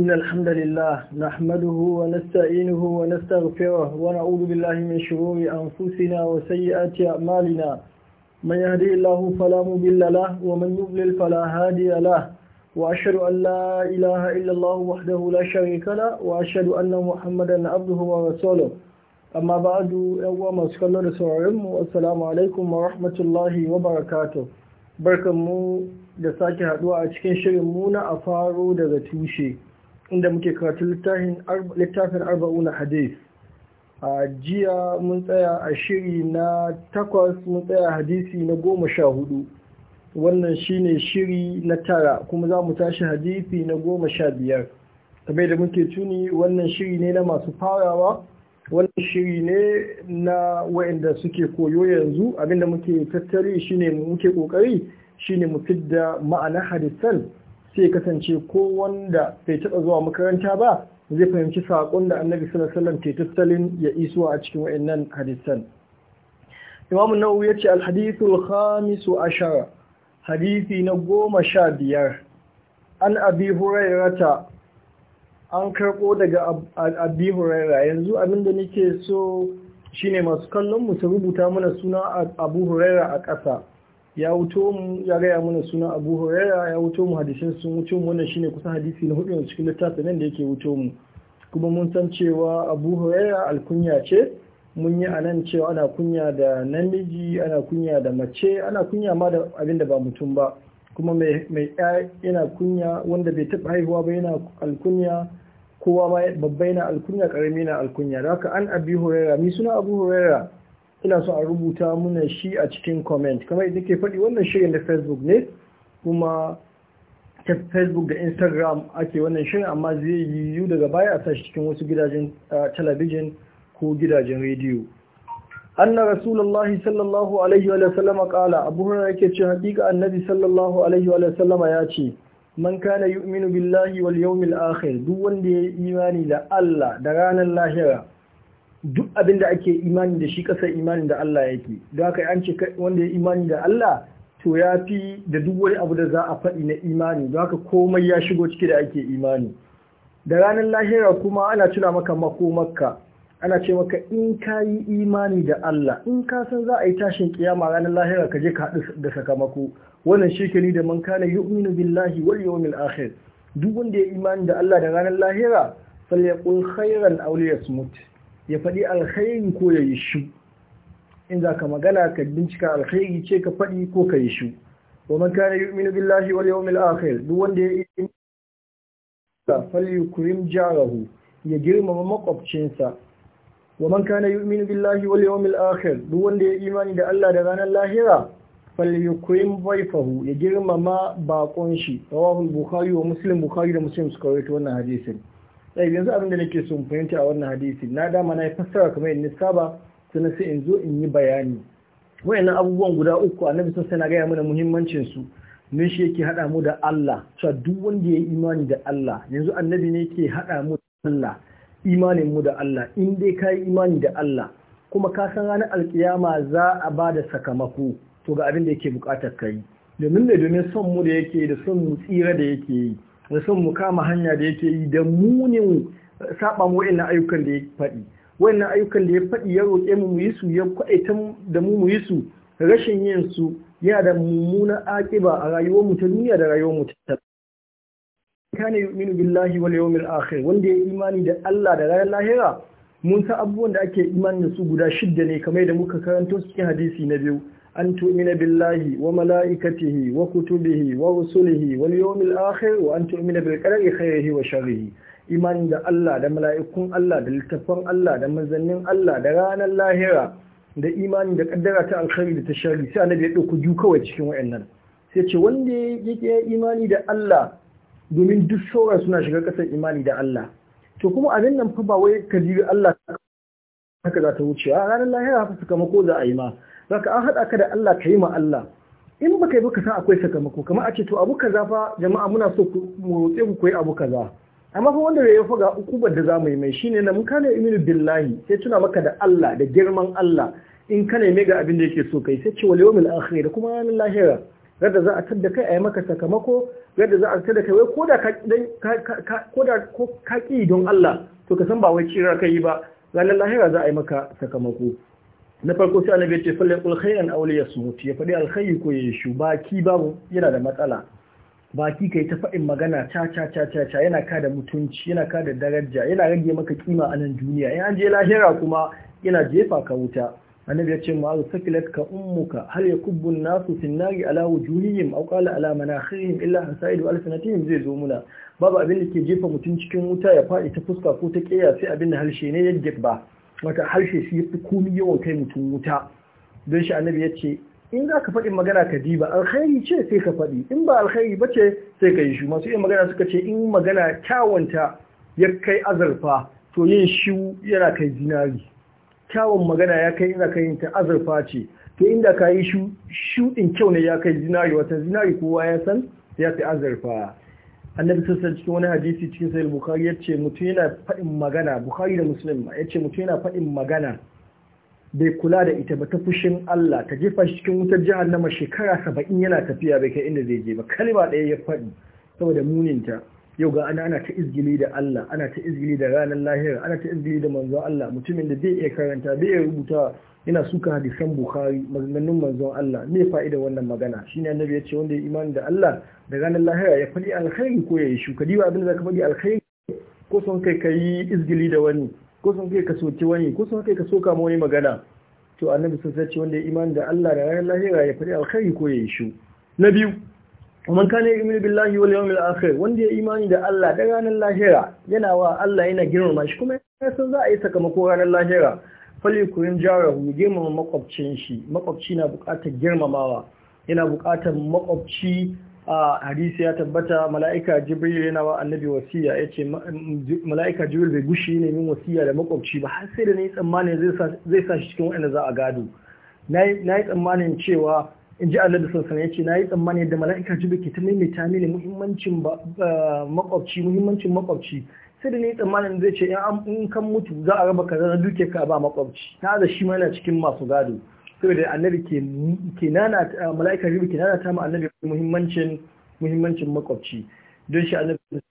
إن الحمد لله نحمده ونستعينه ونستغفره ونعوذ بالله من شرور أنفسنا وسيئات أعمالنا من يهدي الله فلا مضل له ومن يضلل فلا هادي له وأشهد أن لا إله إلا الله وحده لا شريك له وأشهد أن محمدا عبده ورسوله أما بعد يوم أسكال رسولهم والسلام عليكم ورحمة الله وبركاته بركة مو da sake haduwa a cikin shirin mu na a faro daga tushe inda muke karatu littafin arba'una hadith a jiya mun tsaya a shiri na takwas mun tsaya hadisi na goma sha hudu wannan shine shiri na tara kuma za mu tashi hadisi na goma sha biyar kamar da muke tuni wannan shiri ne na masu farawa wannan shiri ne na wa'inda suke koyo yanzu abinda muke tattali shine muke kokari shine mu fidda ma'ana hadisan sai kasance ko wanda bai taɓa zuwa makaranta ba zai fahimci saƙon da annabi sallallahu alaihi wasallam ya isuwa a cikin wayannan hadisan Imam Nawawi ya ce al-hadithul khamis ashara hadisi na goma sha biyar an abi ta. an karɓo daga abi Hurairah yanzu abin da nake so shine masu kallon mu su rubuta mana suna abu huraira a ƙasa ya wuto mu ya gaya mana suna abu horaira ya wuto mu hadisin sun wuto mu wannan shine kusan hadisi na hudu cikin littafin nan da yake wuto mu kuma mun san cewa abu horaira alkunya ce mun yi anan cewa ana kunya da namiji ana kunya da mace ana kunya ma da abin da ba mutum ba kuma mai yana kunya wanda bai taba haihuwa ba yana alkunya kowa ma babba yana alkunya ƙarami na alkunya da haka an abi horaira mi suna abu horaira ina so a rubuta muna shi a cikin comment kamar idan ke faɗi wannan shirin da facebook ne kuma ta facebook da instagram ake wannan shirin amma zai yi yiwu daga baya a sashi cikin wasu gidajen talabijin ko gidajen rediyo anna rasulullahi sallallahu alaihi wa sallam kala abu hurra yake ce haƙiƙa annabi sallallahu alaihi wa sallam ya ce man kana yu'minu billahi wal yawmil akhir duk wanda ya yi imani da Allah da ranar lahira duk abin da ake imani da shi kasar imanin da Allah yake don haka an ce wanda ya imani da Allah to ya fi da duk wani abu da za a faɗi na imani don haka komai ya shigo ciki da ake imani da ranar lahira kuma ana tuna maka makomarka ana ce maka in ka yi imani da Allah in ka san za a yi tashin kiyama ranar lahira ka je ka haɗu da sakamako wannan shirkini da man kana yu'minu billahi wal yawmil akhir duk wanda ya imani da Allah da ranar lahira falyaqul khairan aw liyasmut ya faɗi alkhairi ko ya yi shu in za ka magana ka bincika alkhairi ce ka faɗi ko ka yi shu wa man kana yu'minu billahi wal yawmil akhir duk wanda ya yi falyukrim jarahu ya girmama makwabcinsa wa man kana yu'minu billahi wal yawmil akhir duk wanda ya imani da Allah da ranar lahira falyukrim waifahu ya girmama bakon shi rawahu bukhari wa muslim bukhari da muslim suka rawaito wannan hadisin sai yanzu abin da nake so fahimta a wannan hadisi na dama na yi fassara kamar yadda saba sannan sai in zo in yi bayani wayannan abubuwan guda uku annabi sun na gaya mana muhimmancin su ne shi yake hada mu da Allah cewa duk wanda ya imani da Allah yanzu annabi ne yake hada mu da Allah imanin mu da Allah in dai kayi imani da Allah kuma ka san ranar alkiyama za a ba da sakamako to ga abin da yake bukatar kai domin ne domin son mu da yake da son mu tsira da yake yi da son mu kama hanya da yake yi da munin saba mu wa'in ayyukan da ya faɗi wa'in ayyukan da ya faɗi ya roƙe mu mu yi su ya kwaɗaita da mu mu yi su rashin yin su yana da mummunan aƙiba a rayuwar mu ta duniya da rayuwar mu ta kana yu'minu billahi wal yawmil akhir wanda ya imani da Allah da ranar lahira mun san abubuwan da ake imani da su guda shidda ne kamar da muka karanto cikin hadisi na biyu an tu'mina billahi wa mala'ikatihi wa kutubihi wa rusulihi wal yawmil akhir wa an tu'mina bil qadari khayrihi wa sharrihi imani da Allah da mala'ikun Allah da littafan Allah da manzannin Allah da ranar lahira da imani da kaddara ta alkhairi da ta sharri sai annabi ya dauko ju kawai cikin wayannan sai ce wanda yake imani da Allah domin duk sauran suna shiga kasar imani da Allah to kuma abin nan fa ba wai kaji Allah haka za ta wuce a ranar lahira haka suka mako za a yi ma zaka an haɗa ka da Allah ka yi ma Allah in baka yi ka san akwai sakamako kamar a ce to abu kaza fa jama'a muna so mu roƙe ku koyi abu kaza amma fa wanda ya ga ukubar da za mu yi mai shine na mun kana iminu billahi sai tuna maka da Allah da girman Allah in ka mai ga abin da yake so kai sai ce wal yawmil akhir kuma ranar lahira yadda za a tadda kai a yi maka sakamako yadda za a tadda kai wai da ka da ko ka ki don Allah to ka san ba wai kira kai ba ranar lahira za a yi maka sakamako na farko sai annabi ce falle kul khairan aw li yasmut ya fadi alkhairi ko ya shu baki babu yana da matsala baki kai ta fadin magana cha cha cha cha cha yana kada mutunci yana kada daraja yana rage maka kima a nan duniya in an je lahira kuma yana jefa ka wuta annabi ya ce sakilat ka ummuka hal yakubbu an-nasu fi an-nari ala wujuhihim aw qala ala manakhirihim illa hasaidu zai zo muna babu abin da ke jefa mutun cikin wuta ya fadi ta fuska ko ta kiyaye sai abin da harshe ne ya jefa wata harshe shi ya fi komi yawan kai mutum wuta don shi annabi ya ce in za ka faɗi magana ka diba alkhairi ce sai ka faɗi in ba alkhairi ba ce sai ka yi shi masu yin magana suka ce in magana kyawunta ya kai azurfa to yin shu yana kai zinari kyawun magana ya kai ina kai ta azurfa ce to inda ka yi shu shu shuɗin kyau ne ya kai zinari wata zinari kowa ya san ya fi azurfa annabi sassan cikin wani hadisi cikin sayar bukari ya ce mutum yana faɗin magana bukari da musulun ya ce mutum yana faɗin magana bai kula da ita ba ta fushin Allah ta jefa shi cikin wutar jihar nama shekara saba'in yana tafiya bai kai inda zai je ba kalma ɗaya ya faɗi saboda muninta yau ga ana ana ta izgili da Allah ana ta izgili da ranar lahira ana ta izgili da manzon Allah mutumin da bai iya karanta bai iya rubuta yana suka hadisan Bukhari maganganun manzon Allah me fa'ida wannan magana shine annabi ya ce wanda ya imani da Allah da ranar lahira ya faɗi alkhairi ko ya yi shuka diwa abin da ka faɗi alkhairi ko son kai ka yi izgili da wani ko son kai ka soki wani ko son kai ka soka ma wani magana to annabi sun ce wanda ya imani da Allah da ranar lahira ya faɗi alkhairi ko ya yi shu na biyu ومن كان billahi wal yawmil akhir wanda ya imani da Allah da ranar lahira yana wa Allah yana girmama shi kuma san za a yi sakamako ranar lahira fali kuyin jarahu girmama makwabcin shi makwabci na buƙatar girmamawa yana buƙatar makwabci a hadisi ya tabbata mala'ika jibril yana wa annabi wasiya yace mala'ika jibril bai gushi ne min wasiya da makwabci ba har sai da nayi tsammanin zai sa shi cikin wanda za a gado na yi tsammanin cewa in ji Allah da sassan ya ce na yi tsammani yadda mala'ika jibi ke ta maimaita mini muhimmancin makwabci muhimmancin makwabci sai da ni tsammanin zai ce in kan mutu za a raba kaza na duke ka ba makwabci na da shi ma yana cikin masu gado saboda annabi ke nana mala'ika jibi ke nana ta ma annabi muhimmancin muhimmancin makwabci don shi annabi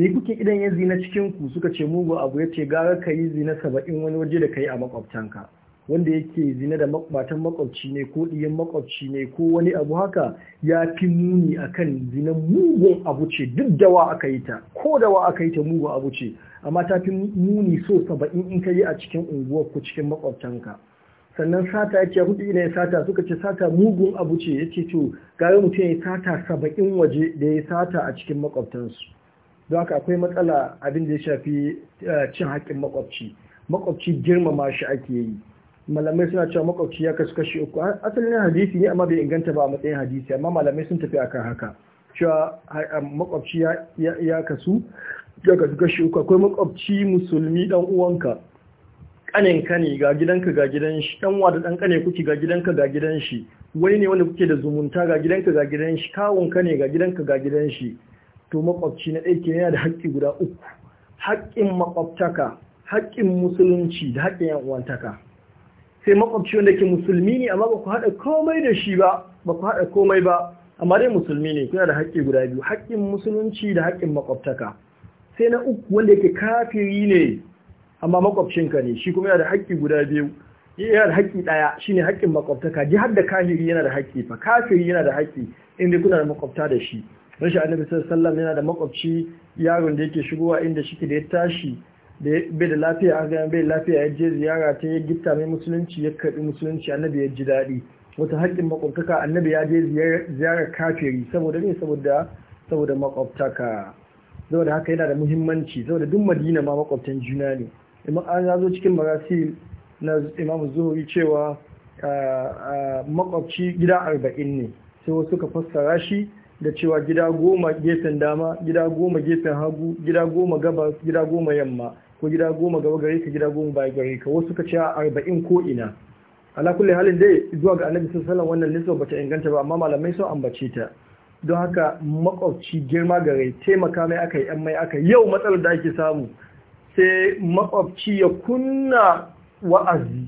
me kuke idan ya zina cikin ku suka ce mugu abu ya ce gara ka yi zina saba'in wani waje da ka yi a makwabtanka wanda yake zina da matan makwabci ne ko ɗiyan makwabci ne ko wani abu haka ya fi muni akan zina mugun abu ce duk da aka yi ta ko da aka yi ta mugun abu ce amma ta fi muni so saba'in in ka yi a cikin unguwar ku cikin makwabtanka sannan sata ya ce hudu ya sata suka ce sata mugun abu ce ya ce to gari mutum ya sata saba'in waje da ya sata a cikin makwabtansu don haka akwai matsala abin da ya shafi eh, cin haƙƙin makwabci makwabci girmama shi ake yi malamai suna cewa makwabci ya kasu kashi uku asalin hadisi ne amma bai inganta ba a matsayin hadisi amma malamai sun tafi akan haka cewa makwabci ya kasu ya kasu kashi uku akwai makwabci musulmi dan uwanka kanin ne ga gidanka ga gidan shi dan da dan kane kuke ga gidanka ga gidan shi wani ne wanda kuke da zumunta ga gidanka ga gidan shi kawun ka ne ga gidanka ga gidan shi to makwabci na ɗaya kenan yana da haƙƙi guda uku haƙƙin makwabtaka haƙƙin musulunci da haƙƙin yan uwantaka sai makwabci wanda ke musulmi ne amma ba ku haɗa komai da shi ba ba ku haɗa komai ba amma dai musulmi ne kuna da haƙƙi guda biyu haƙƙin musulunci da haƙƙin makwabtaka sai na uku wanda yake kafiri ne amma makwabcinka ne shi kuma yana da haƙƙi guda biyu yana da haƙƙi ɗaya shine haƙƙin makwabtaka ji har da kafiri yana da haƙƙi fa kafiri yana da haƙƙi inda kuna da makwabta da shi rashin annabi sallallahu alaihi wasallam yana da makwabci yaron da yake shigowa inda shi da ya tashi da bai da lafiya an gaya bai lafiya ya je ziyara ta ya gifta mai musulunci ya karbi musulunci annabi ya ji daɗi wata haƙƙin makwabtaka annabi ya je ziyarar kafiri saboda ne saboda saboda makwabtaka haka yana da muhimmanci da duk madina ma makwabtan juna ne an ya cikin marasi na imamu zuhuri cewa makwabci gida arba'in ne sai wasu ka fassara shi da cewa gida goma gefen dama gida goma gefen hagu gida goma gabas gida goma yamma ko gida goma gaba gare ka gida goma baya gare ka wasu ka ce arba'in ko ina ala kulli halin dai zuwa ga annabi sallallahu alaihi wannan nisba bata inganta ba amma malamai sun bace ta don haka makwabci girma gare taimaka mai aka yi yan mai aka yau matsalar da ake samu sai makwabci ya kunna wa'azi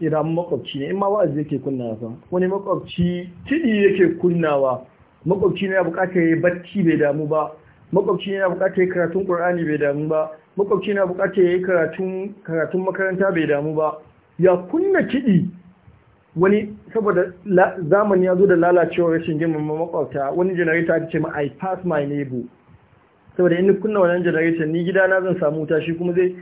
idan makwabci ne in ma wa'azi yake kunnawa fa wani makwabci tidi yake kunnawa makwabci ne ya bukata ya yi bacci bai damu ba makwabci ne ya bukata ya yi karatun qur'ani bai damu ba makwabci na bukatar ya yi karatun makaranta bai damu ba ya kunna kiɗi wani saboda zamani ya zo da lalacewar rashin girmama makwabta wani janareta ta ce ma i pass my neighbor saboda in kunna wannan janareta ni gida na zan samu wuta shi kuma zai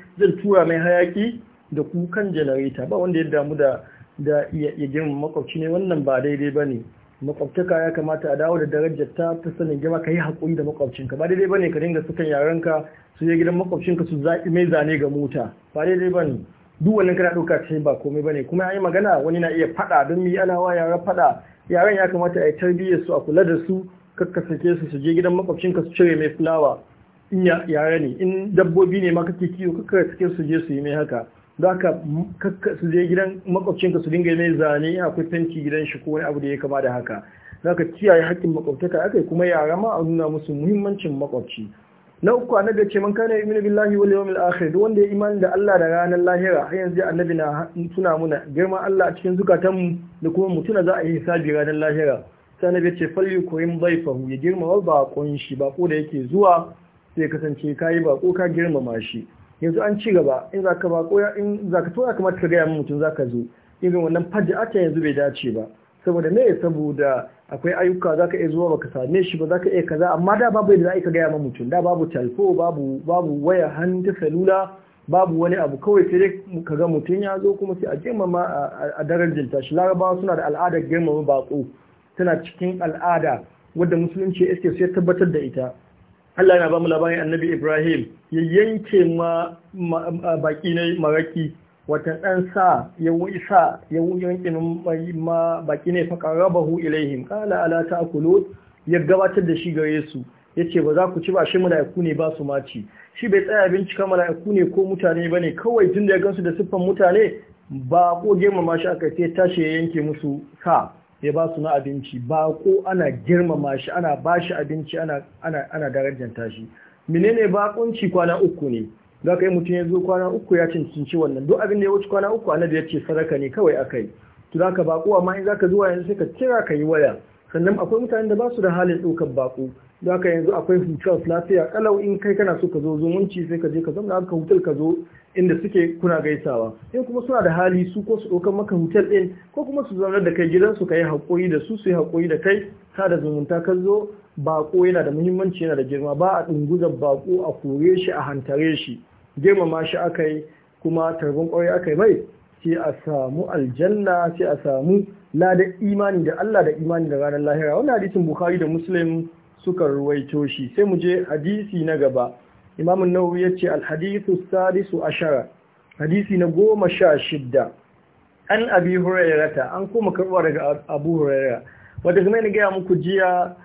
tura mai hayaki da kukan janareta ba wanda ya damu da da ya girmama makwabci ne wannan ba daidai ba ne makwabtaka ya kamata a dawo da darajar ta ta sanin gaba ka yi haƙuri da makwabcinka ba daidai bane ka dinga sukan yarenka su je gidan makwabcinka su zaɓi mai zane ga mota ba daidai bane duk wannan kana ɗauka ce ba komai bane kuma ya yi magana wani na iya faɗa don mu yi ana wa yaren faɗa yaren ya kamata a yi tarbiyyar su a kula da su kakkasake su su je gidan makwabcinka su cire mai fulawa in yare ne in dabbobi ne ma kake kiwo kakkasake su je su yi mai haka za ka su je gidan makwabcinka su dinga mai zane akwai fenti gidan shi ko wani abu da ya kama da haka za ka kiyaye haƙƙin makwabtaka akai kuma yara ma a nuna musu muhimmancin makwabci na uku annabi ce man kana yu'minu billahi wal yawmil akhir duk wanda ya imani da Allah da ranar lahira har yanzu annabi na tuna muna girman Allah a cikin zukatanmu da kuma mutuna za a yi hisabi ranar lahira sai annabi ce falyu koyin baifahu ya girmama baƙon shi bako da yake zuwa sai kasance kayi bako ka girmama shi yanzu an ci gaba in za ka ba ko in za ka tura kamar ka gaya mutum za ka zo irin wannan ake yanzu bai dace ba saboda me saboda akwai ayyuka za ka iya zuwa baka same shi ba za ka iya kaza amma da babu yadda za ka gaya ma mutum da babu talfo babu babu waya hannu ta salula babu wani abu kawai sai dai ka ga mutum ya zo kuma sai a girmama a daren jinta shi larabawa suna da al'adar girmama bako tana cikin al'ada wadda musulunci ya iske sai tabbatar da ita Allah na ba mu labarin annabi Ibrahim ya yanke ma baki ne maraki wata ɗan sa ya isa ya yanke ma baki ne fa qarabahu ilaihim qala ala akulu ya gabatar da shi gare su ya ce ba za ku ci ba shi mala'iku ne ba su maci shi bai tsaya bincika mala'iku ne ko mutane ba ne. kawai jin da ya gansu da siffan mutane ba ko girmama shi aka ce tashi ya yanke musu sa. ya ba su na abinci ba ko ana girmama shi ana ba shi abinci ana darajanta shi menene bakunci kwana uku ne za ka mutum ya zo kwana uku ya cincinci wannan duk abin da ya wuce kwana uku annabi ya ce sadaka ne kawai akai to za ka bako amma in za ka zuwa yanzu sai ka kira ka yi waya sannan akwai mutanen da ba su da halin ɗaukar baƙo da aka yanzu akwai hutuwar lafiya ƙalau in kai kana so ka zo zumunci sai ka je ka zauna haka hotel ka zo inda suke kuna gaisawa in kuma suna da hali su ko su ɗaukar maka hotel ɗin ko kuma su zaunar da kai gidansu ka yi haƙoƙi da su su yi haƙoƙi da kai ka da zumunta ka zo baƙo yana da muhimmanci yana da girma ba a ɗunguzar baƙo a kore shi a hantare shi girmama shi aka yi kuma tarbin ƙwarai aka yi mai sai a samu aljanna sai a samu lada imani da Allah da imani da ranar lahira wannan hadisin bukhari da muslim suka ruwaito shi sai mu je hadisi na gaba imam an ya ce al-hadithu sadisu ashara hadisi na goma sha shidda an abi hurairata an kuma karɓa daga abu huraira wanda kuma ni gaya muku jiya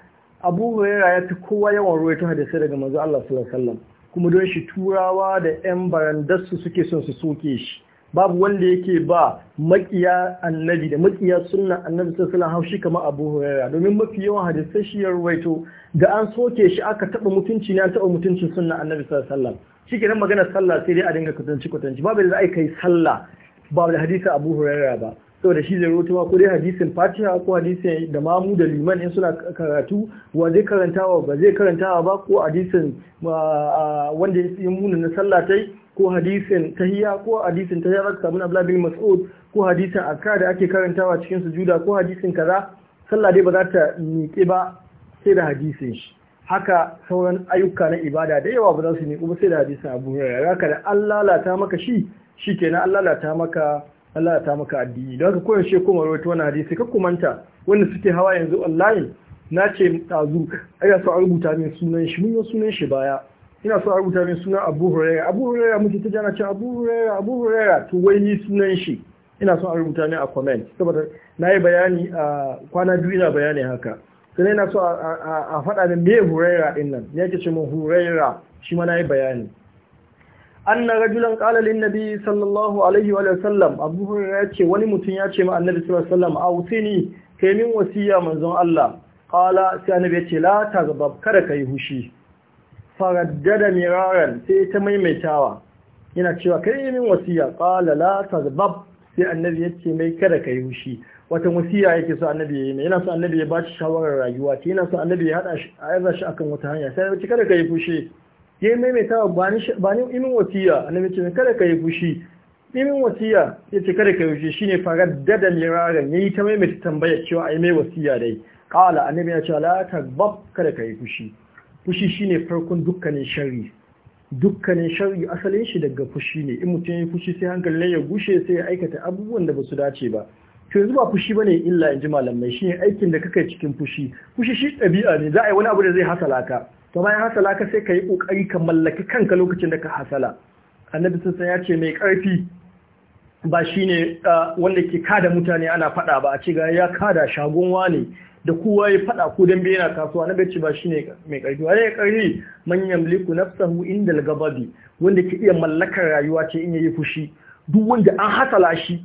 abu huraira ya fi kowa yawan ruwaito hadisai daga manzo Allah sallallahu alaihi wasallam kuma don shi turawa da yan barandarsu suke son su soke shi babu wanda yake ba makiya annabi da makiya sunna annabi sun suna haushi kama abu huraira domin mafi yawan hadisai shi rawaito da an soke shi aka taba mutunci ne an taba mutuncin sunna annabi suna alaihi wasallam shikenan magana sallah sai dai a dinga kutanci kutanci babu da aika kai sallah babu da hadisa abu huraira ba saboda shi zai rutuwa ko dai hadisin fatiha ko hadisin da mamu da liman in suna karatu wa zai karantawa ba zai karantawa ba ko hadisin ah, ah, wanda ya yi muna na sallah ko hadisin tahiya, ko hadisin tahiyya zaka samu Abdullah bin Mas'ud ko hadisin akka da ake karantawa cikin sujuda ko hadisin kaza sallah dai ba za ta miƙe ba sai da hadisin shi haka sauran ayyuka na ibada da yawa ba za su miƙe ba sai da hadisin Abu Hurairah haka da Allah lalata maka shi shikenan Allah lalata maka Allah maka addini don haka koyaushe kuma rawaito wani hadisi ka kumanta wanda suke hawa yanzu online na ce ɗazu ai su rubuta min sunan shi mun yi sunan shi baya ina so a rubuta min suna abu huraira abu hurera muke ta jana ce abu hurera abu hurera to wai ni sunan shi ina so a rubuta min a comment saboda na yi bayani a kwana biyu ina bayani haka sai ina so a faɗa min me huraira din nan ya ke ce min shi ma na yi bayani an na rajulan ƙala lin nabi sallallahu alaihi wa sallam abu huraira ce wani mutum ya ce ma annabi sallallahu alaihi wa sallam a kai min wasiya manzon Allah qala sai annabi ya ce la tazbab kada kai hushi faraddada miraran sai ta maimaitawa yana cewa kai min wasiya qala la tazbab sai annabi ce mai kada ka yi hushi wata wasiya yake so annabi ya yi mai yana so annabi ya bashi shawarar rayuwa ce yana so annabi ya hada shi a shi akan wata hanya sai yace kada ka yi fushi ya maimaitawa ba ni ba ni imin wasiya annabi ce kada ka yi fushi imin wasiya yace kada ka yi fushi shine faraddada miraran yayi ta maimaita tambaya cewa ai mai wasiya dai qala annabi ya ce la tazbab kada ka yi fushi fushi shine farkon dukkanin sharri dukkanin sharri asalin shi daga fushi ne in mutum ya fushi sai hankalin ya gushe sai ya aikata abubuwan da ba su dace ba to yanzu ba fushi bane illa in ji malamai shine aikin da kake cikin fushi fushi shi ɗabi'a ne za a yi wani abu da zai hasala ka to bayan hasala ka sai ka yi kokari ka mallaki kanka lokacin da ka hasala annabi san ya ce mai karfi ba shine ah, wanda ke kada mutane ana faɗa ba a ce ga ya kada shagon wane da kowa ya faɗa ko dan bai yana kasuwa na gaci ba shine mai karfi wa ya karfi man yamliku nafsahu indal gabadi wanda ke iya mallakar rayuwa ce in yayi fushi duk wanda an hasala shi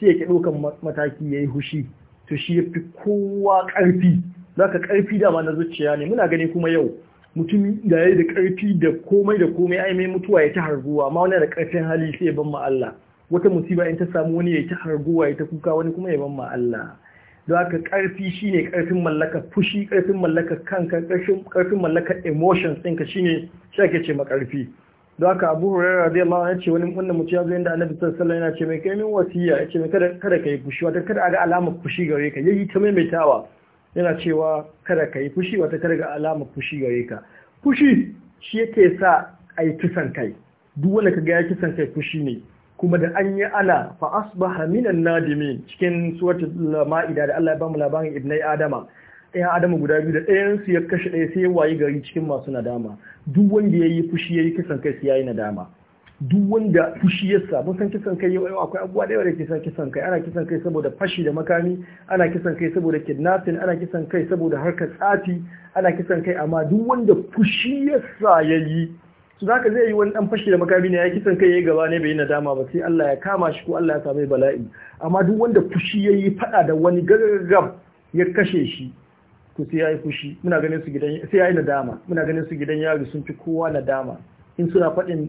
sai ya ke dokan mataki yayi fushi to shi yafi kowa karfi zaka karfi dama na zuciya ne muna gani kuma yau mutum da yayi da karfi da komai da komai ai mai mutuwa ya ta harguwa ma wani da karfin hali sai ya ban ma Allah wata musiba in ta samu wani ya ta harguwa ya ta kuka wani kuma ya ban ma Allah don haka ƙarfi shine ƙarfin mallaka fushi ƙarfin mallaka kanka ƙarfin mallaka emotions ɗinka shine shi ake ce makarfi don haka abu hurairu radiyallahu anhu ya ce wani wannan mutum ya zo inda annabi sallallahu alaihi wasallam yana ce mai kaimin wasiya ya ce mai kada kada kai fushi wata kada ga alamar fushi gare ka yayi ta maimaitawa yana cewa kada kai fushi wata kada ga alamar fushi gare ka fushi shi yake sa ai kisan kai duk wanda kaga ya kisan kai fushi ne kuma da an yi ana fa asbaha minan nadimin cikin suratul ma'ida da Allah ya bamu labarin ibnai adama ɗayan adama guda biyu da ɗayan su ya kashe ɗaya sai ya wayi gari cikin masu nadama duk wanda ya yi fushi ya yi kisan kai sai ya yi nadama duk wanda fushi ya mun san kisan kai yau akwai abubuwa da yawa da ke san kisan kai ana kisan kai saboda fashi da makami ana kisan kai saboda kidnapping ana kisan kai saboda harkar tsafi ana kisan kai amma duk wanda fushi ya sa ya yi za ka zai yi wani dan fashi da makami ne ya kisan kai ya yi gaba ne bai yi nadama ba sai Allah ya kama shi ko Allah ya same bala'i amma duk wanda fushi ya yi fada da wani gagagagab ya kashe shi to sai yi fushi muna ganin su gidan sai nadama muna ganin su gidan yari sun fi kowa nadama in suna fadin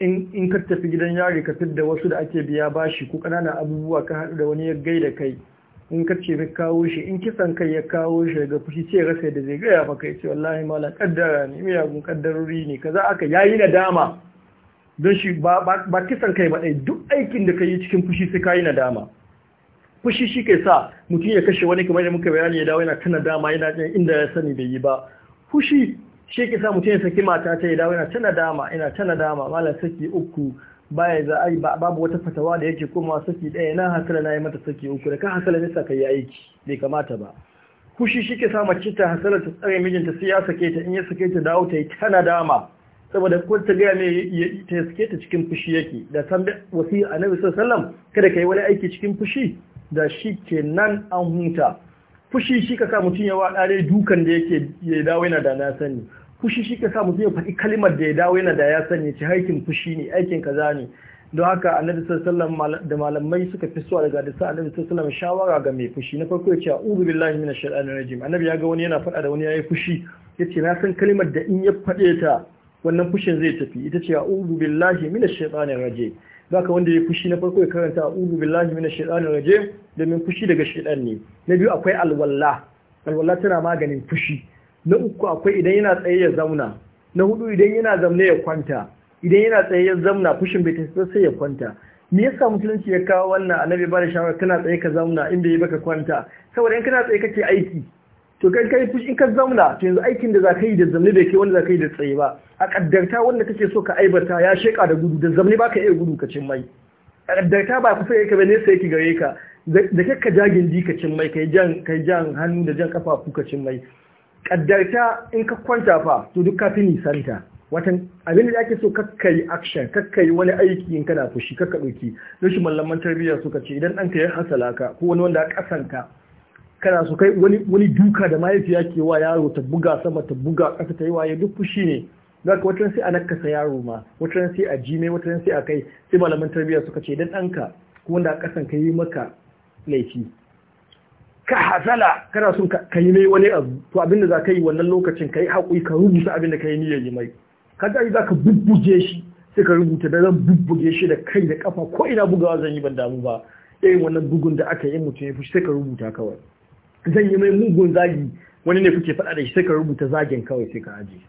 in in ka tafi gidan yari ka fidda wasu da ake biya bashi ko kananan abubuwa ka haɗu da wani ya gaida kai in ka ce kawo shi in kisan kai ya kawo shi daga fushi ce rasa da zai gaya maka ya ce wallahi mala kaddara ne miyagun kaddarori ne kaza aka yayi nadama don shi ba kisan kai ba ɗai eh, duk aikin da ka yi cikin fushi sai ka yi nadama fushi shi ke sa mutum ya kashe wani kamar da muka bayani ya dawo yana ta nadama yana inda ya sani bai yi ba fushi shi ke sa mutum ya saki mata ta ya dawo yana ta nadama yana ta nadama malam saki uku baya za a babu wata fatawa da yake koma saki ɗaya na hakala na yi mata saki uku da ka hakala nisa ka yi aiki bai kamata ba kushi shi ke sa mace ta ta tsare mijinta sai ya sake ta in ya sake ta dawo ta yi tana dama saboda ko ta gaya mai ta sake ta cikin fushi yake da san wasi a nabi sallam kada ka yi wani aiki cikin fushi da shi ke nan an huta fushi shi ka sa mutum ya waɗa dai dukan da yake ya dawo yana da na sani fushi shi ka sa mutum ya faɗi kalimar da ya dawo yana da ya sani ci haikin fushi ne aikin kaza ne don haka annabi sallallahu alaihi da malamai suka fi suwa daga hadisan annabi sallallahu alaihi shawara ga mai fushi na farko yace a'udhu billahi minash shaitanir rajim annabi ya ga wani yana faɗa da wani yayi fushi yace na san kalimar da in ya faɗe ta wannan fushin zai tafi ita ce a'udhu billahi minash shaitanir rajim zaka wanda ya fushi na farko ya karanta a'udhu billahi minash shaitanir rajim domin fushi daga shaitan ne na biyu akwai alwallah alwallah tana maganin fushi na uku akwai idan yana tsaye ya zauna na hudu idan yana zamne ya kwanta idan yana tsaye ya zauna fushin bai tafi sai ya kwanta me yasa musulunci ya kawo wannan annabi ba da shawara kana tsaye ka zauna in bai baka kwanta saboda in kana tsaye kake aiki to kai kai fushi in ka zauna to yanzu aikin da zaka yi da zamne bai kai wanda zaka yi da tsaye ba a kaddarta wanda kake so ka aibata ya sheka da gudu da zamne baka iya gudu ka cin mai a kaddarta ba kusa yake ba sai yake gare ka da ka jagin ka cin mai kai jan kai jan hannu da jan kafafu ka cin mai ƙaddarta in ka kwanta fa to duk ka fi nisanta watan abin da ake so kakka yi action kakka yi wani aiki in kana fushi kakka ɗauki don shi mallaman tarbiyya suka ce idan ɗanka ya hasala ka ko wani wanda a ka kana so kai wani wani duka da mahaifiya ke wa yaro ta buga sama ta buga ƙasa ta yi waye duk fushi ne za ka wataran sai a nakasa yaro ma wataran sai a jime wataran sai a kai sai malaman tarbiyya suka ce idan ɗanka ko wanda a ka yi maka laifi ka hasala kana son ka yi mai wani abu to abin da za ka yi wannan lokacin ka yi haƙuri ka rubuta abin da ka yi niyyar yi mai ka za ka bubbuge shi sai ka rubuta da zan bubbuge shi da kai da kafa ko ina bugawa zan yi ban damu ba irin wannan bugun da aka yi mutum ya fushi sai ka rubuta kawai zan yi mai mugun zagi wani ne kuke faɗa da shi sai ka rubuta zagin kawai sai ka aje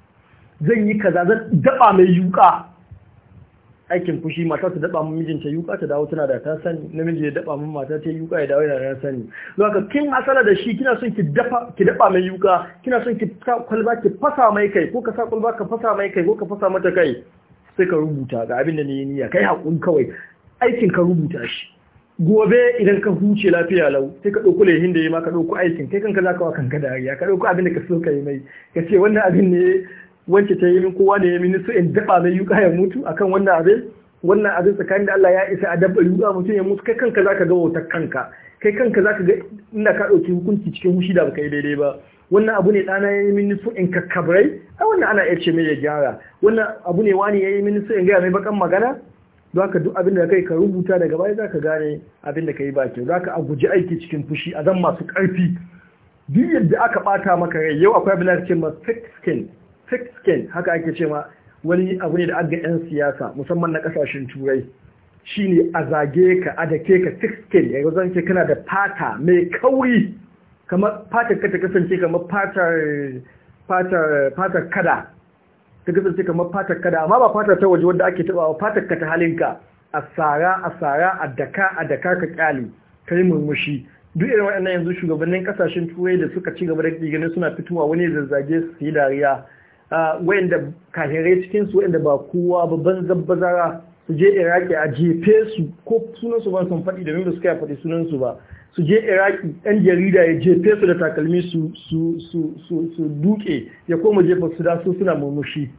zan yi kaza zan daba mai yuka aikin fushi mata ta daba min mijinta yuka ta dawo tana da ta sani namiji ya daba min mata ta yuka ya dawo yana da ta sani don haka kin asala da shi kina son ki dafa ki daba mai yuka kina son ki kwalba ki fasa mai kai ko ka sa kwalba ka fasa mai kai ko ka fasa mata kai sai ka rubuta ga abin da ne niyya kai hakuri kawai aikin ka rubuta shi gobe idan ka huce lafiya lau sai ka ɗauko lehin da yi ma ka ɗauko aikin kai kanka za ka wa kanka dariya ka ɗauko abin da ka so ka yi mai ka ce wannan abin ne wanke ta yi min kowa da ya mini su in daba mai yuka ya mutu akan wannan abin wannan abin tsakanin da Allah ya isa a dabbar yuka mutum ya mutu kai kanka zaka ga wata kanka kai kanka zaka ga inda ka dauki hukunci cikin hushi da baka yi daidai ba wannan abu ne ɗana ya yi mini su in kakkabrai a wannan ana 'yace mai ya gyara wannan abu ne wani ya yi mini su in gaya mai bakan magana Za ka duk abin da kai ka rubuta daga baya za ka gane abin da ka yi baki za ka a guji aiki cikin fushi a zan masu karfi duk yadda aka ɓata maka rai yau akwai abin da ake ma thick thick haka ake ce ma wani abu ne da aga 'yan siyasa musamman na kasashen turai Shi ne, a zage ka a da ke ka thick skin ya zan ce kana da fata mai kauri kamar fatar ka ta kasance kamar fatar kada ta kasance kamar fatar kada amma ba fatar ta waje wanda ake taba fatar ka ta ka. a tsara a tsara a daka a daka ka kyale kai murmushi duk irin waɗannan yanzu shugabannin kasashen turai da suka ci gaba da ganin suna fitowa wani zazzage su yi dariya wayanda kafirai cikinsu su wayanda ba kowa ba banzan bazara su je iraki a jefe su ko sunan su ba sun faɗi da da suka faɗi sunansu ba su je iraki ɗan jarida ya jefe su da takalmi su su duke ya koma jefa su da su suna murmushi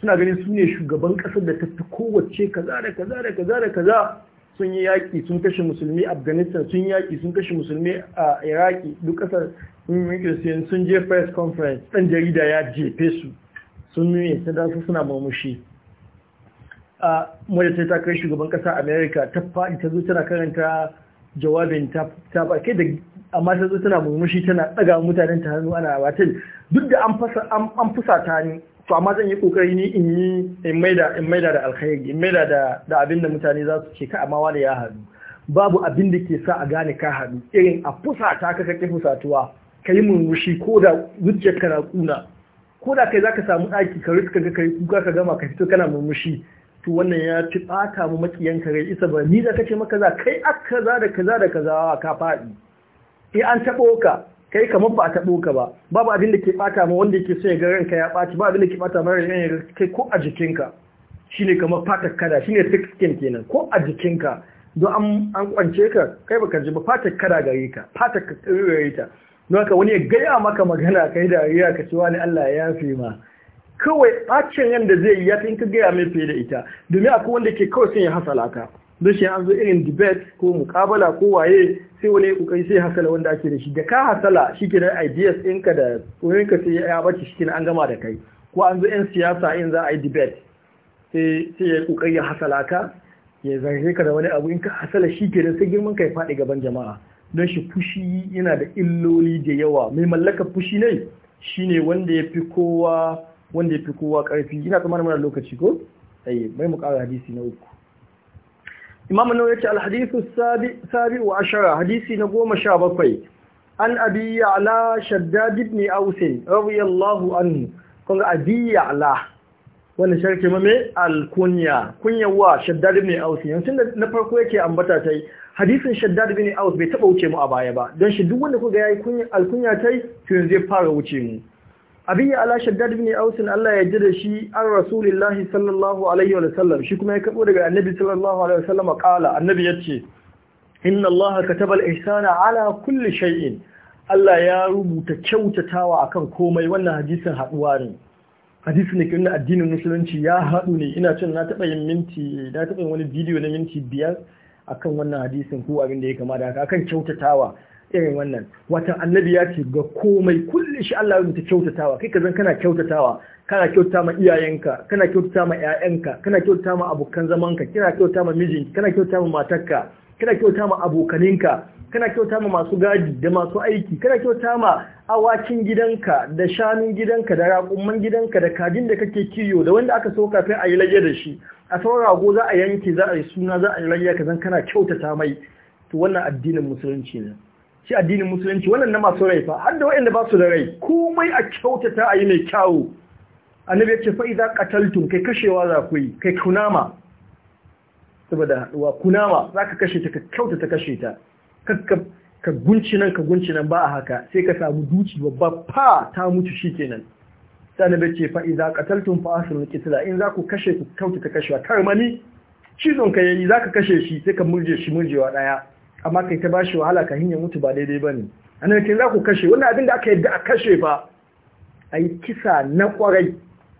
suna ganin su ne shugaban ƙasar da ta fi kowace kaza da kaza da kaza da kaza sun yi yaƙi sun kashe musulmi afghanistan sun yaƙi sun kashe musulmi a iraki duk ƙasar sun sun je press conference ɗan jarida ya jefe su sun nuna ta dasu suna murmushi a madata ta kai shugaban ƙasa Amerika, ta faɗi ta zo tana karanta jawabin ta ba da amma ta zo tana murmushi tana ɗaga mutanen ta hannu ana watin duk da an fusata ni to amma zan yi kokari ni in yi in maida in maida da alkhairi in maida da da abin da mutane za su ce ka amma wani ya haɗu babu abin da ke sa a gane ka haɗu irin a fusata ka kake fusatuwa ka yi murmushi ko da ka na kuna ko da kai zaka samu ɗaki ka rika ka kai kuka ka gama ka fito kana murmushi to wannan ya ci ɓata mu makiyan ka rai isa ba ni da kace maka za kai a kaza da kaza da kaza ka faɗi eh an taɓo ka kai kamar ba a taɓo ka ba babu abin da ke ɓata ma wanda yake so ya ga ranka ya ɓaci ba abin da ke ɓata ma ranka ya kai ko a jikinka shine kamar fatar kada shine thick skin kenan ko a jikinka don an kwance ka kai baka ji ba fatar kada gare ka fatar ka tsirrare ta don haka wani ya gaya maka magana kai da riya ka ci wani Allah ya yafe ma kawai ɓacin yadda zai yi ya fi in ka gaya mai fiye da ita domin akwai wanda ke kawai sun yi hasala ka shi an zo irin debate ko mukabala ko waye sai wani ya kokari sai hasala wanda ake da shi da ka hasala shi ke da ideas ɗinka da ka sai ya bace shi an gama da kai ko an zo 'yan siyasa in za a yi debate sai ya kokari ya hasala ka ya zarge ka da wani abu in ka hasala shi ke sai girman ka ya faɗi gaban jama'a don shi fushi yana da illoli da yawa mai mallakar fushi ne shine wanda ya fi kowa wanda ya fi kowa ƙarfi ina tsammanin mana lokaci ko? mai mu ƙara hadisi na uku imam nawawi yace al-hadithu sabi wa hadisi na goma sha bakwai an abi ya'la shaddad ibn aus radiyallahu anhu kun ga abi ya'la wannan sharke me al-kunya kunya wa shaddad ibn aus yanzu da na farko yake ambata tai hadisin shaddad ibn aus bai taba wuce mu a baya ba don shi duk wanda kuga yayi kunya al-kunya tai to yanzu zai fara wuce mu ya ala shaddad ibn aus Allah ya da shi an rasulillahi sallallahu alaihi wa sallam shi kuma ya kabo daga annabi sallallahu alaihi wa sallam kala annabi yace inna Allah kataba al-ihsana ala kulli shay'in Allah ya rubuta kyautatawa akan komai wannan hadisin haduwa ne hadisi ne kin addinin musulunci ya hadu ne ina cin na taba yin minti na taba yin wani bidiyo na minti biyar akan wannan hadisin ko abin da ya kama da haka akan kyautatawa irin wannan watan annabi ya ce ga komai kulle shi Allah ya mutu kyautatawa kai ka zan kana kyautatawa kana kyautata ma iyayenka kana kyautata ma ƴaƴanka kana kyautata ma abokan zamanka kana kyautata ma mijinki kana kyautata ma matarka kana kyautata ma abokaninka kana kyautata ma masu gadi da masu aiki kana kyauta ma awakin gidanka da shanun gidanka da raƙumman gidanka da kajin da kake kiyo da wanda aka so kafin a yi layya da shi a sauran rago za a yanke za a yi suna za a yi layya ka zan kana kyautata mai to wannan addinin musulunci ne shi addinin musulunci wannan na masu rai fa har da waɗanda ba su da rai komai a kyautata a yi mai kyawu annabi ya ce fa idza qataltum kai kashewa za ku yi kai kunama saboda haduwa kunama za ka kashe ta ka kyautata kashe ta ka gunci nan ka gunci nan ba a haka sai ka samu duci babba fa ta mutu shikenan sai annabi ce fa idza qataltum fa asrul qitla in za ku kashe ku kyautata kashewa karmani cizon ka yayi ka kashe shi sai ka murje shi murjewa daya amma kai ta bashi wahala ka hinya mutu ba daidai ba ne ana ce za ku kashe wannan abin da aka yadda a kashe ba, a yi kisa na kwarai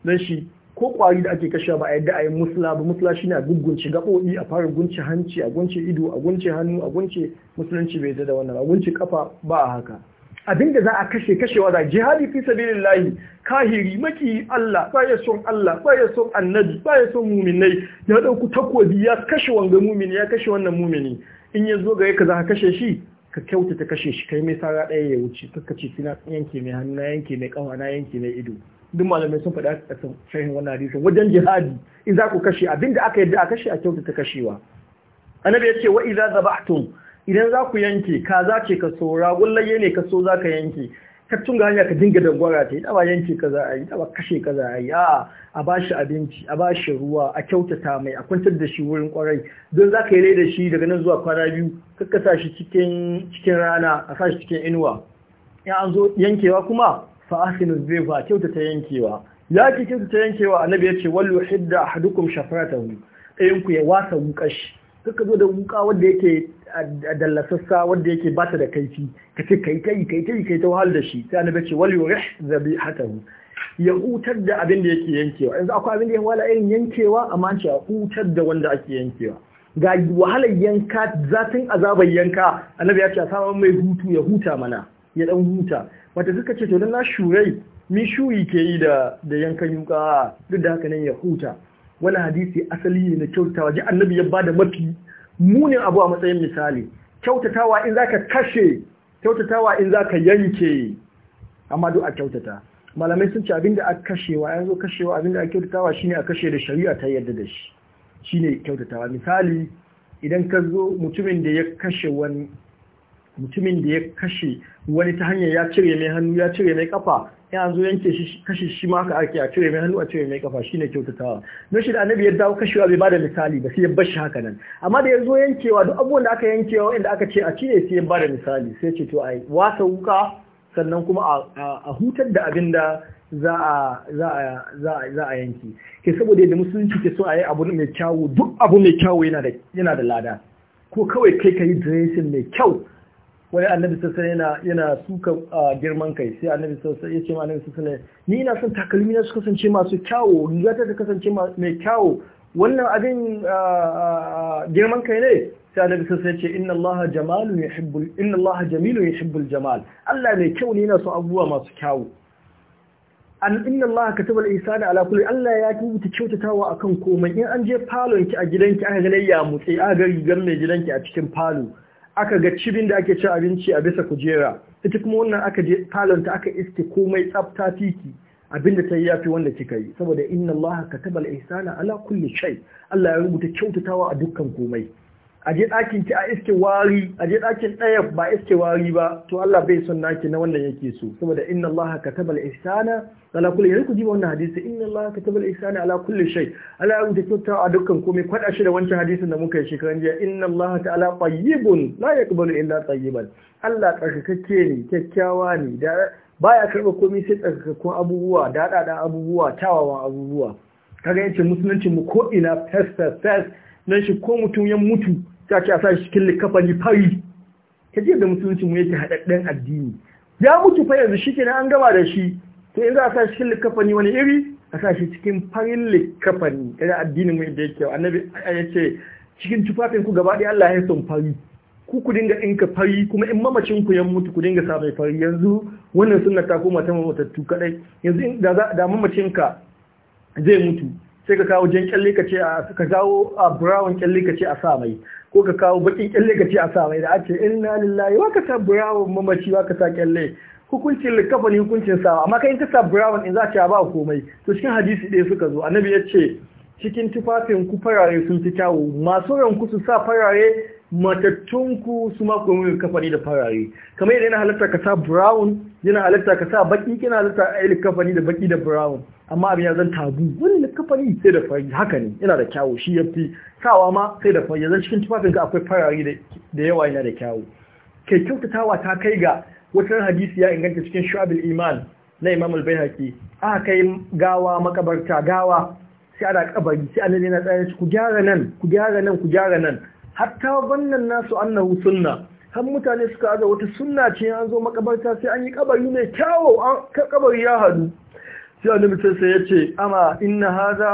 don shi ko kwari da ake kashewa ba a yadda a yi musula ba musula shi a gugunci gaɓoɓi a fara gunci hanci a gunci ido a gunci hannu a gunci musulunci bai yadda da wannan a gunci kafa ba a haka da za a kashe kashewa da jihadi fi sabilillahi kahiri maki Allah baya son Allah baya son annabi baya son muminai ya dauku takobi ya kashe wanga mumini ya kashe wannan mumini in ya zo gare ka za ka kashe shi ka kyauta ta kashe shi kai mai sara ɗaya ya wuce kaka ce yanke mai hannu na yanke mai ƙawa na yanke mai ido duk malamai sun faɗa a shahin wannan hadisi wajen jihadi in za ku kashe abinda aka yadda a kashe a kyauta ta kashewa annabi ya ce wa idza zabahtum idan za ku yanke kaza ce ka so ragullayye ne ka so za ka yanke ka tunga hanya ka dinga dangwara ta yi yanke ka za a yi daba kashe ka za a yi a ba shi abinci a ba shi ruwa a kyautata mai a kwantar da shi wurin kwarai don za ka yi da shi daga nan zuwa kwana biyu ka sa shi cikin rana a sa shi cikin inuwa ya an zo yankewa kuma fa asinu zai ba kyautata yankewa ya ke kyautata yankewa annabi ya ce wallu hidda ahadukum shafaratahu ɗayan ku ya wasa wukashi ka zo da wuka wanda yake dallasassa wanda yake bata da kaifi ka ce kai kai kai kai kai ta wahal da shi ta nabi ce wal yurih zabihatahu ya hutar da abin da yake yankewa yanzu akwai abin da ya wala irin yankewa amma an ce a hutar da wanda ake yankewa ga wahalar yanka zatin azabar yanka annabi ya ce a samu mai hutu ya huta mana ya dan huta wata suka ce to dan na shurai mi shuyi ke yi da da yankan yuka duk da haka nan ya huta wani hadisi asali ne na kyautawa ji annabi ya bada mafi munin abu a matsayin misali kyautatawa in zaka kashe kyautatawa in zaka yanke amma duk a kyautata malamai sun ce abinda a kashewa yanzu kashewa abinda a kyautatawa shine a kashe da shari'a ta yadda da shi shine kyautatawa misali idan ka zo mutumin da ya kashe wani mutumin da ya kashe wani ta hanyar ya cire mai hannu ya cire mai kafa ya zo yanke shi kashe shi ma ka ake a cire mai hannu a cire mai kafa shine kyautatawa na shi da annabi ya dawo kashewa bai bada misali ba sai ya bar shi haka nan amma da ya zo yankewa duk abubuwan da aka yankewa inda aka ce a cire sai ya bada misali sai ce to ai wasa wuka sannan kuma a hutar da abin da za a yanki ke saboda yadda musulunci ke so a yi abu mai kyawu duk abu mai kyawu yana da lada ko kawai kai ka yi dressing mai kyau wani annabi sassan yana yana suka girman kai sai annabi sassan ya ce ma annabi sassan ni ina son takalmi na su kasance masu kyawo rigata ta kasance mai kyawo wannan abin girman kai ne sai annabi sassan ya ce inna Allah jamalun yuhibbul inna Allah jamilun jamal Allah mai kyau ne yana son abubuwa masu kyawo an inna Allah kataba al-ihsana ala kulli Allah ya rubuta kyautatawa akan komai in an je falon ki a gidanki aka ga ya mutse aka ga rigar mai gidanki a cikin falo aka ga cibin da ake cin abinci a bisa kujera ita kuma wannan aka je talanta aka iske komai tsafta titi abinda ta yi yafi wanda kika yi saboda inna Allah katabal ihsana ala kulli shay Allah ya rubuta kyautatawa a dukkan komai a je ɗakin ki a iske wari a je ɗakin ɗaya ba iske wari ba to Allah bai son naki na wannan yake so saboda inna Allah katabal ihsana ala kulli yanzu ku ji wannan hadisi inna Allah katabal ihsana ala kulli shay ala yau rubuta kyauta a dukkan komai kwada shi da wancan hadisin da muka yi shekaran jiya inna Allah ta'ala tayyibun la yaqbalu illa tayyiban Allah tsarkakakke ne kyakkyawa ne da baya karɓa komai sai tsarkakakkun abubuwa daɗaɗa abubuwa tawawan abubuwa kaga yace musulunci mu ko ina fes fes fes nan shi ko mutum ya mutu ta ce a sa shi kille kafani fari ka je da musulunci mu yake haɗaɗɗen addini ya mutu fa yanzu na an gama da shi to in za a sa shi kille kafani wani iri a sa shi cikin farin likafani irin addinin mu da yake annabi ya ce cikin tufafin ku gaba ɗaya Allah ya son fari ku ku dinga ɗinka fari kuma in mamacin ku ya mutu ku dinga sa mai fari yanzu wannan sunna ta koma ta matattu kadai yanzu da mamacin zai mutu sai ka kawo jan kyalle ka ce a ka kawo a brown kyalle ka ce a sa mai ko ka kawo bakin kyalle ka ce a sa mai da ake inna lillahi wa ka sa brown mamaci wa ka sa kyalle hukuncin likafani hukuncin sawa amma kai ka sa brown in za ka ba komai to cikin hadisi ɗaya suka zo annabi ya ce cikin tufafin ku farare sun fi kyawu masu ranku su sa farare matattunku su ma kuma yin kafani da farare kamar yadda yana halatta ka sa brown yana halatta ka sa baki yana halatta a yi kafani da baki da brown amma abin ya zan tabu wani kafani sai da fari haka ne yana da kyawu shi ya fi sawa ma sai da fari yanzu cikin tufafinka akwai farare da yawa yana da kyawu kai kyautatawa ta kai ga wata hadisi ya inganta cikin shu'abul iman na imam al bayhaqi aka kai gawa makabarta gawa sai ana kabari sai annabi yana tsaya ku gyara nan ku gyara nan ku gyara nan hatta wannan nasu annahu sunna har mutane suka aza wata sunna ce an zo makabarta sai an yi kabari mai kyawo an kabari ya hadu sai annabi sai ya ce amma inna hadha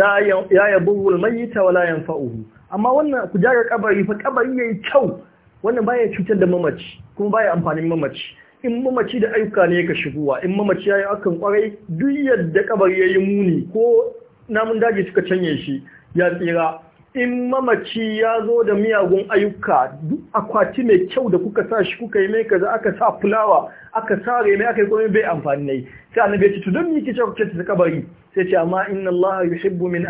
la ya yabul almayyita wa la yanfa'uhu amma wannan ku jaga kabari fa kabari yayi kyau wannan baya cutar da mamaci kuma baya amfanin mamaci in mamaci da ayyuka ne ka shigowa in mamaci yayi akan kwarai duk yadda kabari yayi muni ko namun daji suka canye shi ya tsira in mamaci ya zo da miyagun ayyuka duk akwati mai kyau da kuka sa shi kuka yi mai kaza aka sa fulawa aka sa mai aka yi komai bai amfani ne sai annabi ya ce to don me yake cewa kace kabari sai ce amma inna Allah yuhibbu min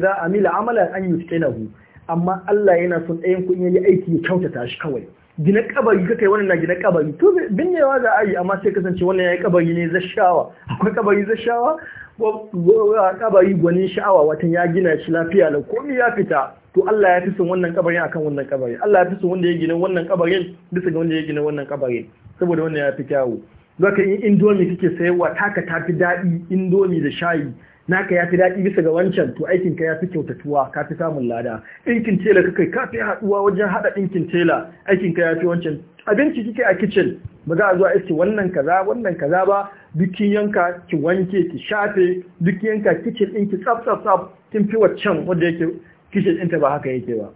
za a amila amalan an ku. amma Allah yana son ɗayan ku in yi aiki ya kyautata shi kawai gina kabari kakai wannan na gina kabari to binnewa za a yi amma sai kasance wannan yayi kabari ne zashawa akwai kabari zashawa kabari gwanin sha'awa watan ya gina shi lafiya da komi ya fita to Allah ya fi son wannan kabarin akan wannan kabarin Allah ya fi son wanda ya gina wannan kabarin bisa ga wanda ya gina wannan kabarin saboda wannan ya fi kyawu zaka yi indomi kake sayarwa taka ta fi daɗi indomi da shayi naka ya fi daɗi bisa ga wancan to aikin ka ya fi kyautatuwa ka fi samun lada ɗinkin tela kakai kai ka fi haɗuwa wajen haɗa ɗinkin tela aikin ka ya fi wancan abinci kike a kitchen ba za a zuwa iske wannan kaza wannan kaza ba dukkin yanka ki wanke ki shafe dukkin yanka kicin din ki tsaf tsaf tsaf kin fi waccan wanda yake kicin din ba haka yake ba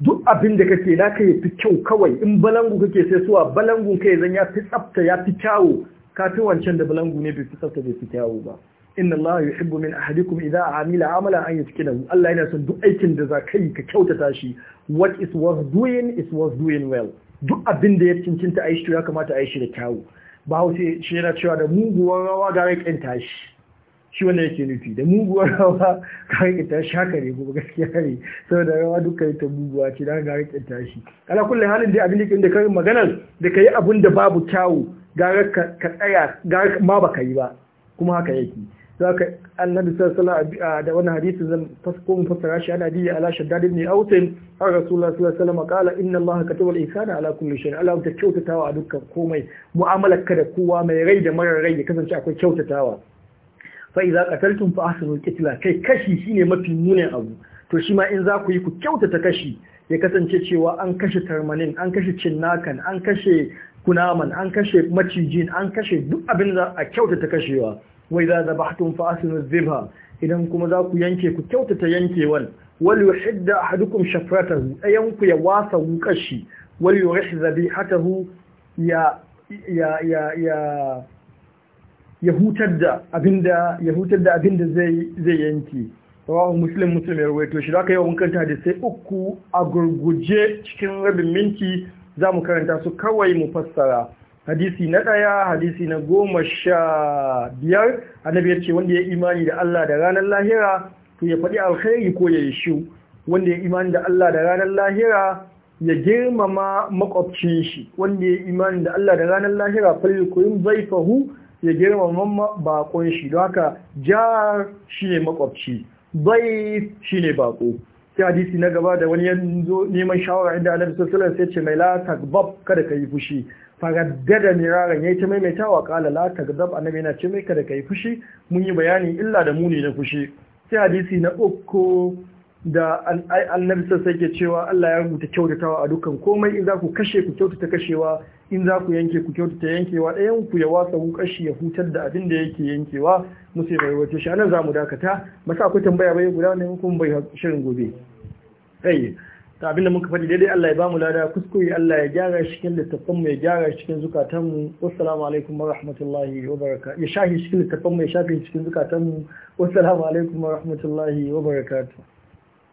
duk abin da kake na kai fi kyau kawai in balangu kake sai suwa balangun kai zan ya fi tsafta ya fi kyawu ka fi wancan da balangu ne bai fi tsafta bai fi kyawu ba inna Allah yuhibbu min ahadikum a amila amala an yaskinahu Allah yana son duk aikin da za ka ka kyautata shi what is worth doing is worth doing well duk abin da ya cincinta a yi shi ya kamata a yi shi da kyawu ba hausa shi yana cewa da muguwar rawa ga rikin tashi shi wanda yake nufi da muguwar rawa ga rikin tashi haka ne gobe gaskiya ne saboda rawa dukkan ta muguwa ce da ga rikin tashi ala kullum halin da abin da kai maganar da kai abun da babu kyawu gara ka tsaya gara ma baka yi ba kuma haka yake saka annabi sallallahu alaihi da wannan hadisin zan fasko fasara shi ana diya ala shaddad ibn awsin har rasulullah sallallahu alaihi wasallam kala inna allah kataba al-ihsana ala kulli shay allah ta kyautatawa a dukkan komai mu'amalar ka da kowa mai rai da marar rai ya kasance akwai kyautatawa fa idza qataltum fa ahsinu qitla kai kashi shine mafi munin abu to shi ma in za ku yi ku kyautata kashi ya kasance cewa an kashe tarmanin an kashe cinnakan an kashe kunaman an kashe macijin an kashe duk abin da a kyautata kashewa wai za zabahtum fa idan kuma za ku yanke ku kyautata yankewan wal yuhidda ahadukum shafratahu ayan ku ya wasa wukashi wali wa rashi zabi hata ya ya hutar da abin da zai yanke rawahu muslim muslim ya rawaito shi haka yau mun kanta da sai uku a gurguje cikin rabin minti za mu karanta su kawai mu fassara hadisi na ɗaya hadisi na goma sha biyar annabi ya ce wanda ya imani da Allah da ranar lahira to ya faɗi alkhairi ko ya yi shiru wanda ya imani da Allah da ranar lahira ya girmama makwabcin shi wanda ya imani da Allah da ranar lahira fayyukuyin zaifahu ya girmama bakon shi don haka jar shi ne makwabci bai shi ne bako sai hadisi na gaba da wani yanzu neman shawara inda annabi sallallahu alaihi sai ce mai la bab kada ka yi fushi fagaddada miraran yayi ta maimaita maimaitawa kala la a annabi yana ce mai kada ka yi fushi mun yi bayani illa da muni na fushi sai hadisi na uku da annabi sallallahu ke cewa Allah ya rubuta kyautatawa a dukkan komai in za ku kashe ku kyautata kashewa in za ku yanke ku kyautata yankewa ɗayan ku ya wasa wukar ƙashi ya hutar da abin da yake yankewa musu bai wace shi anan za mu dakata masa akwai tambaya bai guda ne kuma bai shirin gobe ɗaya ta abin da muka faɗi daidai Allah ya bamu lada kuskure Allah ya gyara shi cikin littattafan mu ya gyara shi cikin zukatan mu assalamu alaikum wa rahmatullahi wa barakatuh ya shahi cikin littattafan mu ya shafi cikin zukatan mu assalamu alaikum wa rahmatullahi wa barakatuh